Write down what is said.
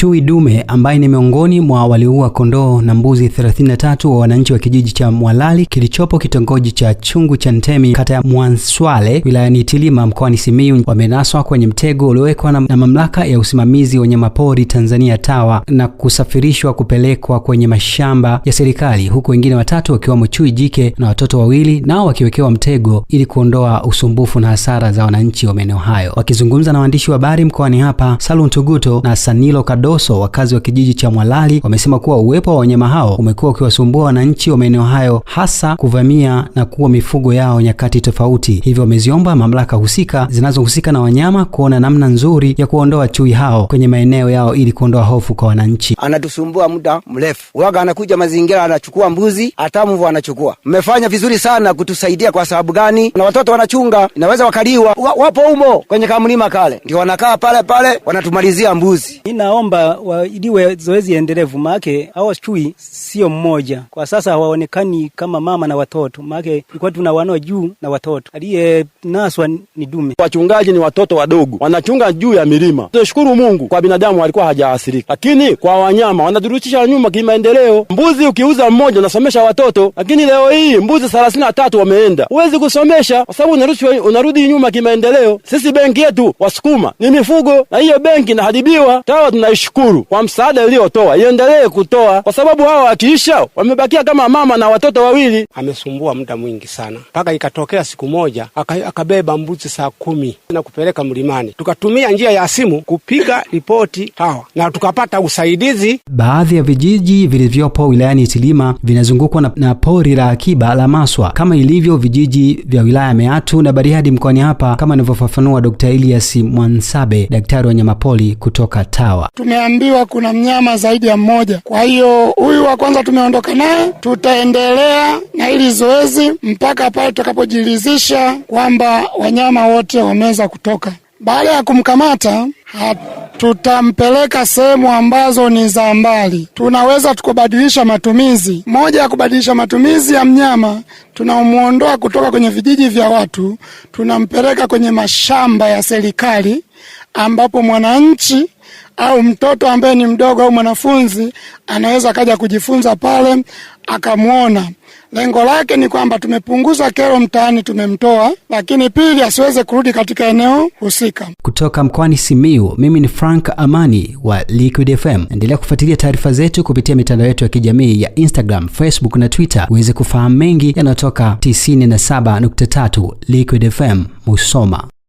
Chui dume ambaye ni miongoni mwa waliua kondoo na mbuzi 33 wa wananchi wa kijiji cha Mwalali kilichopo kitongoji cha Chungu cha Ntemi kata ya Mwanswale wilayani Itilima mkoani Simiyu wamenaswa kwenye mtego uliowekwa na mamlaka ya usimamizi wa wanyamapori Tanzania TAWA na kusafirishwa kupelekwa kwenye mashamba ya serikali huku wengine watatu wakiwemo chui jike na watoto wawili nao wakiwekewa mtego ili kuondoa usumbufu na hasara za wananchi wa maeneo hayo. Wakizungumza na waandishi wa habari mkoani hapa, Salum Tuguto na Sanilo Kado Doso, wakazi wa kijiji cha Mwalali wamesema kuwa uwepo wa wanyama hao umekuwa ukiwasumbua wananchi wa maeneo hayo, hasa kuvamia na kuwa mifugo yao nyakati tofauti. Hivyo wameziomba mamlaka husika zinazohusika na wanyama kuona namna nzuri ya kuondoa chui hao kwenye maeneo yao ili kuondoa hofu kwa wananchi. Anatusumbua muda mrefu, waga anakuja mazingira, anachukua mbuzi, hata mvu anachukua. Mmefanya vizuri sana kutusaidia. Kwa sababu gani? Na watoto wanachunga, inaweza wakaliwa. Wapo humo kwenye kamlima kale, ndio wanakaa pale pale, wanatumalizia mbuzi. Ninaomba kwamba waliwe zoezi endelevu, maake hawa chui sio mmoja kwa sasa, hawaonekani kama mama na watoto, maake tulikuwa tuna wana juu na watoto, aliyenaswa ni dume. Wachungaji ni watoto wadogo, wanachunga juu ya milima. Tunashukuru Mungu kwa binadamu walikuwa hajaathirika, lakini kwa wanyama wanadurutisha nyuma kimaendeleo. Mbuzi ukiuza mmoja unasomesha watoto, lakini leo hii mbuzi thelathini na tatu wameenda, huwezi kusomesha kwa sababu unarudi, unarudi nyuma kimaendeleo. Sisi benki yetu Wasukuma ni mifugo, na hiyo benki inaharibiwa, tawa tunaishi tunashukuru kwa msaada uliotoa, iendelee kutoa kwa sababu hawa wakiisha wamebakia kama mama na watoto wawili. Amesumbua muda mwingi sana, mpaka ikatokea siku moja akabeba mbuzi saa kumi na kupeleka mlimani, tukatumia njia ya simu kupiga ripoti hawa na tukapata usaidizi. Baadhi ya vijiji vilivyopo wilayani Itilima vinazungukwa na, na pori la akiba la Maswa kama ilivyo vijiji vya wilaya Meatu na Bariadi mkoani hapa, kama anavyofafanua dr Elias Mwansabe, daktari wa nyamapoli kutoka TAWA. Tume tumeambiwa kuna mnyama zaidi ya mmoja. Kwa hiyo huyu wa kwanza tumeondoka naye, tutaendelea na hili zoezi mpaka pale tutakapojiridhisha kwamba wanyama wote wameweza kutoka. Baada ya kumkamata tutampeleka sehemu ambazo ni za mbali, tunaweza tukabadilisha matumizi. Moja ya kubadilisha matumizi ya mnyama, tunamwondoa kutoka kwenye vijiji vya watu, tunampeleka kwenye mashamba ya serikali, ambapo mwananchi au mtoto ambaye ni mdogo au mwanafunzi anaweza akaja kujifunza pale akamwona. Lengo lake ni kwamba tumepunguza kero mtaani, tumemtoa, lakini pili asiweze kurudi katika eneo husika. Kutoka mkoani simiu mimi ni Frank Amani wa Liquid FM. Endelea kufuatilia taarifa zetu kupitia mitandao yetu ya kijamii ya Instagram, Facebook na Twitter uweze kufahamu mengi yanayotoka 97.3 Liquid FM Musoma.